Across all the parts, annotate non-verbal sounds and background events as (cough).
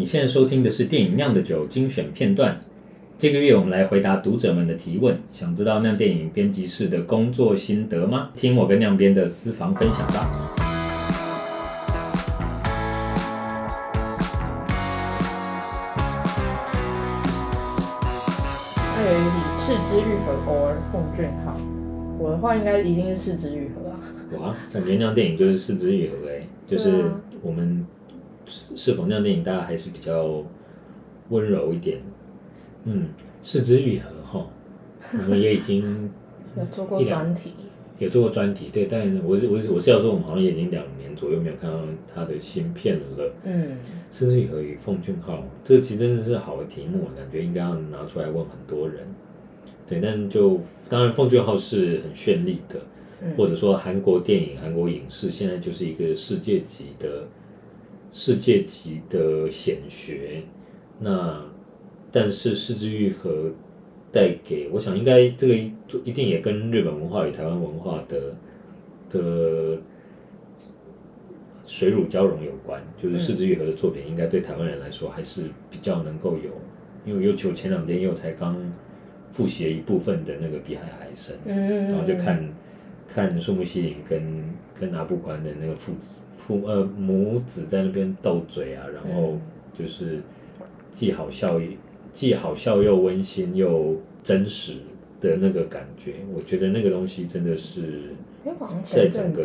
你現在收聽的是電影釀的酒精選片段。這個月我們來回答讀者們的提問，想知道釀電影編輯室的工作心得嗎？聽我跟釀編的私房分享吧。那有你是枝裕和 or 奉俊昊？我的話應該一定是是枝裕和啊。有啊，感覺釀電影就是是枝裕和哎、欸，嗯、就是我們。是是否那樣電影，大家還是比較溫柔一點。嗯，是枝裕和哈，可能也已經、 (laughs) 嗯、有做過專兩題，有做過專題。對，但我是我是我是要說，我們好像也已經兩年左右沒有看到他的新片了。嗯，是枝裕和與奉俊昊，這個其實真的是好的題目，我感覺應該要拿出來問很多人。對，但就當然奉俊昊是很絢麗的，或者說韓國電影、韓、嗯、國影視現在就是一個世界級的。世界級的顯學，那，但是是枝裕和帶給我想，應該這個一定也跟日本文化與台灣文化的的水乳交融有關。就是是枝裕和的作品，應該對台灣人來說還是比較能夠有，因為尤其我前兩天又才剛複習了一部分的那個《比海還深》，嗯，然後就看。看樹木希林跟跟阿部寬的那個父子父呃母子在那邊鬥嘴啊，然後就是既好笑，既好笑又溫馨又真實的那個感覺，我覺得那個東西真的是因為好像在整個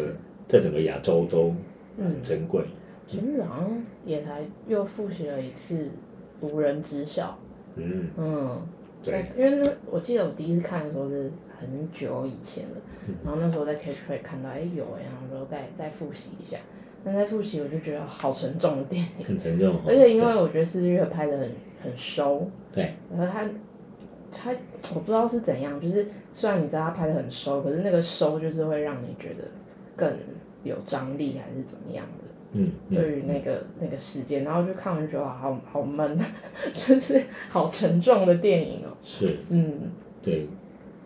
在整個亞洲都很珍貴。前兩天也才又複習了一次，無人知曉。嗯嗯，嗯對，因為那我記得我第一次看的時候是。很久以前了，然後那時候在 KTV 看到，哎、欸、有、欸，然後說再再複習一下。那在複習，我就覺得好沉重的電影，很沉重。而且因為我覺得是枝裕和拍的很很收，對。然後他他我不知道是怎樣，就是雖然你知道他拍的很收，可是那個收就是會讓你覺得更有張力還是怎麼樣的。嗯。嗯對於那個那個時間，然後就看完就啊好好悶，好 (laughs) 就是好沉重的電影哦、喔。是。嗯。對。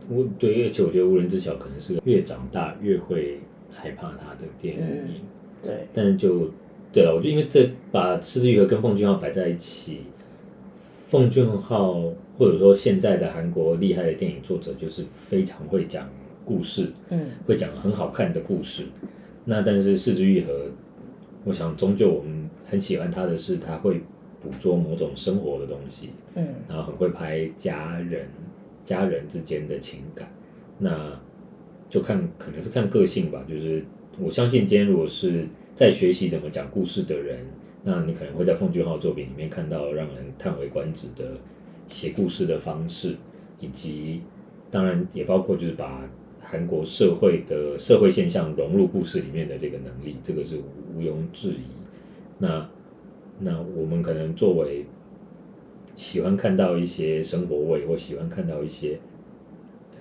我對，而且我覺得《無人知曉》可能是越長大越會害怕他的電影，嗯、對。但是就，對了，我就因為這把是枝裕和跟奉俊昊擺在一起，奉俊昊或者說現在的韓國厲害的電影作者，就是非常會講故事，嗯，會講很好看的故事。那但是是枝裕和，我想終究我們很喜歡他的是，他會捕捉某種生活的東西，嗯，然後很會拍家人。家人之間的情感，那就看可能是看個性吧。就是我相信，今天如果是在學習怎麼講故事的人，那你可能會在奉俊昊作品裡面看到讓人嘆為觀止的寫故事的方式，以及當然也包括就是把韓國社會的社會現象融入故事裡面的這個能力，這個是毋庸置疑。那那我們可能作為。喜歡看到一些生活味，或喜歡看到一些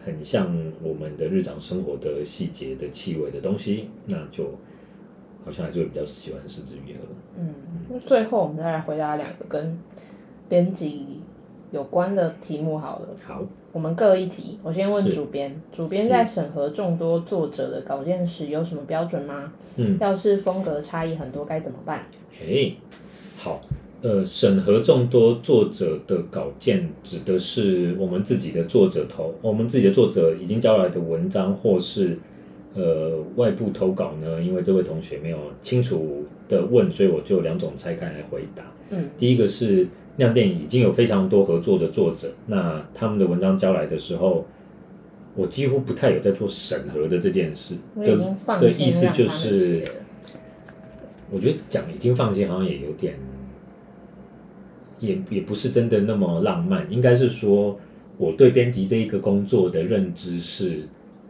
很像我們的日常生活的細節的氣味的東西，那就好像還是會比較喜歡是枝裕和了。嗯，那最後我們再來回答兩個跟編輯有關的題目好了。好。我們各一題，我先問主編。是主編在審核眾多作者的稿件時，有什麼標準嗎？嗯。要是風格差異很多，該怎麼辦？誒，好。呃，審核眾多作者的稿件，指的是我們自己的作者投，我們自己的作者已經交來的文章，或是呃外部投稿呢？因為這位同學沒有清楚的問，所以我就兩種拆開來回答。嗯，第一個是釀電影已經有非常多合作的作者，那他們的文章交來的時候，我幾乎不太有在做審核的這件事。我已經放棄了。的意思就是，我覺得講已經放棄，好像也有點。也也不是真的那麼浪漫，應該是說我對編輯這一個工作的認知是，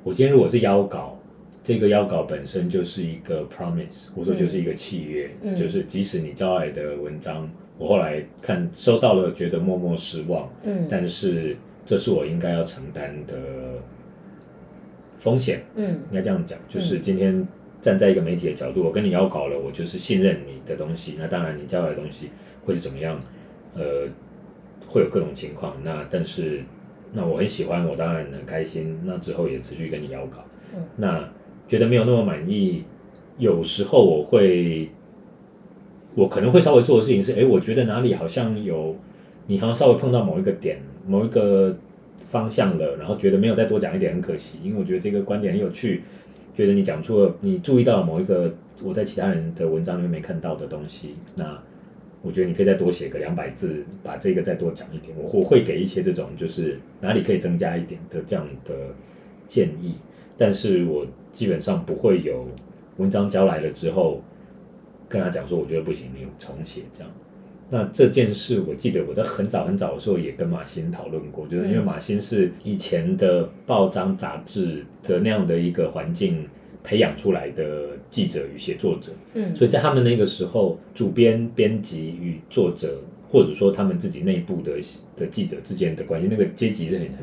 我今天如果是邀稿，這個邀稿本身就是一個 promise，或者說就是一個契約，嗯、就是即使你交來的文章，嗯、我後來看收到了，覺得默默失望，嗯、但是這是我應該要承擔的風險，嗯，應該這樣講，就是今天站在一個媒體的角度，我跟你邀稿了，我就是信任你的東西，那當然你交來的東西會是怎麼樣？呃，會有各種情況，那但是，那我很喜歡，我當然很開心，那之後也持續跟你邀稿。嗯、那覺得沒有那麼滿意，有時候我會，我可能會稍微做的事情是，哎，我覺得哪裡好像有，你好像稍微碰到某一個點，某一個方向了，然後覺得沒有再多講一點很可惜，因為我覺得這個觀點很有趣，覺得你講出了，你注意到了某一個我在其他人的文章裡面沒看到的東西，那。我覺得你可以再多寫個兩百字，把這個再多講一點。我我會給一些這種，就是哪裡可以增加一點的這樣的建議。但是我基本上不會有文章交來了之後，跟他講說我覺得不行，你重寫這樣。那這件事我記得我在很早很早的時候也跟馬新討論過，就是因為馬新是以前的報章雜誌的那樣的一個環境。培養出來的記者與寫作者，嗯，所以在他們那個時候，主編、編輯與作者，或者說他們自己內部的的記者之間的關係，那個階級是很很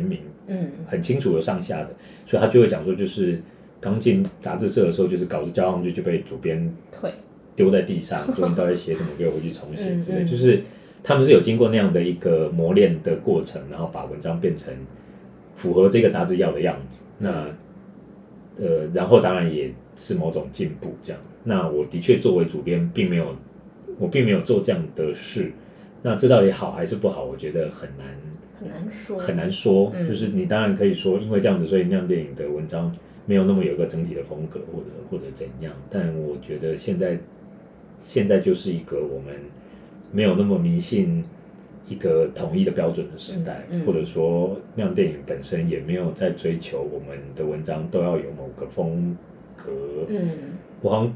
嚴明，嗯，很清楚的上下的，所以他就會講說，就是剛進雜誌社的時候，就是稿子交上去就被主編退，丟在地上，說你腿到底寫什麼，給我回去重寫之類，呵呵，就是他們是有經過那樣的一個磨練的過程，然後把文章變成符合這個雜誌要的樣子，那。呃，然後當然也是某種進步這樣。那我的確作為主編，並沒有，我並沒有做這樣的事。那這到底好還是不好？我覺得很難很難說，很難說。難說嗯、就是你當然可以說，因為這樣子，所以釀電影的文章沒有那麼有一個整體的風格，或者或者怎樣。但我覺得現在現在就是一個我們沒有那麼迷信一個統一的標準的時代，嗯嗯、或者說，釀電影本身也沒有在追求我們的文章都要有某個風格。嗯，我好像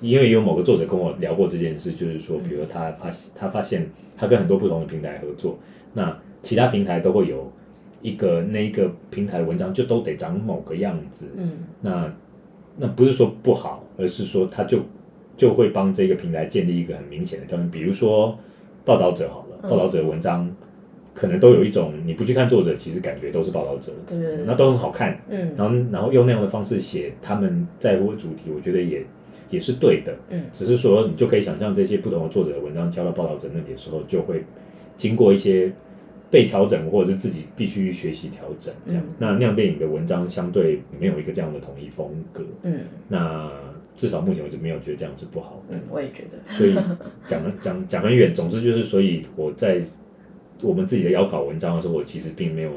因為有某個作者跟我聊過這件事，就是說，比如說他發、嗯、他，他發現他跟很多不同的平台合作，那其他平台都會有一個那一個平台的文章就都得長某個樣子。嗯，那那不是說不好，而是說他就就會幫這個平台建立一個很明顯的東西，比如說報道者哈。嗯、報道者文章可能都有一種，你不去看作者，其實感覺都是報道者的，嗯、那都很好看。嗯、然後然後用那樣的方式寫，嗯、他們在乎的主題，我覺得也也是對的。嗯、只是說你就可以想象，這些不同的作者的文章交到報道者那裡的時候，就會經過一些被調整，或者是自己必須學習調整這樣、嗯、那樣。那釀電影的文章相對沒有一個這樣的統一風格。嗯，那。至少目前為止沒有覺得這樣子不好的、嗯。我也覺得。 (laughs) 所以講講講很遠，總之就是，所以我在我們自己的邀稿文章的時候，我其實並沒有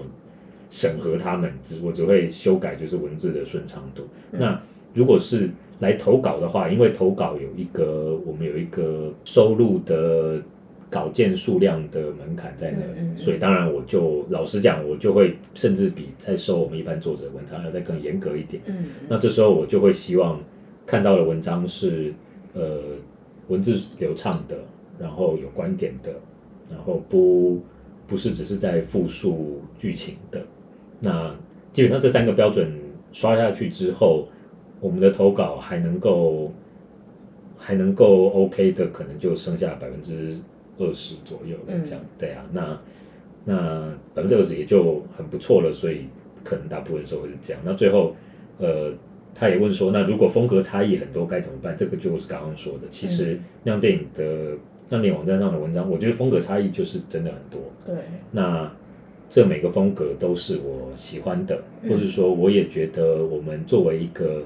審核他們，嗯、只我只會修改就是文字的順暢度。嗯、那如果是來投稿的話，因為投稿有一個我們有一個收錄的稿件數量的門檻在那裡，嗯嗯嗯所以當然我就老實講，我就會甚至比在收我們一般作者的文章要再更嚴格一點。嗯,嗯。那這時候我就會希望。看到的文章是，呃，文字流暢的，然後有觀點的，然後不，不是只是在複述劇情的。那基本上這三個標準刷下去之後，我們的投稿還能夠還能夠 OK 的，可能就剩下百分之二十左右這樣。嗯、對啊，那那百分之二十也就很不錯了，所以可能大部分時候會是這樣。那最後，呃。他也問說：“那如果風格差異很多該怎麼辦？”這個就是剛剛說的。其實，釀、嗯、電影的釀電影網站上的文章，我覺得風格差異就是真的很多。對。那這每個風格都是我喜歡的，或者說我也覺得，我們作為一個，嗯、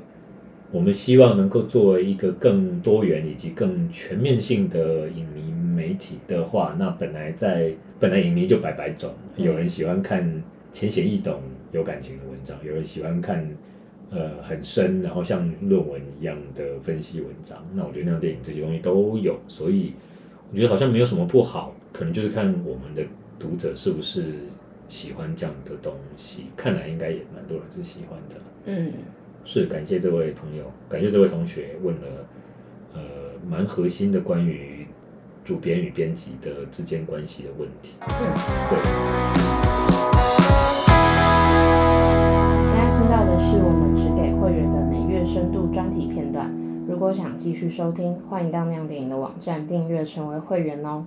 我們希望能夠作為一個更多元以及更全面性的影迷媒體的話，那本來在本來影迷就百百種，嗯、有人喜歡看淺顯易懂、有感情的文章，有人喜歡看。呃，很深，然後像論文一樣的分析文章，那我覺得釀電影這些東西都有，所以我覺得好像沒有什麼不好，可能就是看我們的讀者是不是喜歡這樣的東西。看來應該也蠻多人是喜歡的。嗯，是感謝這位朋友，感謝這位同學問了，呃，蠻核心的關於主編與編輯的之間關係的問題。對。對如果想繼續收聽，歡迎到釀電影的網站訂閱成為會員哦。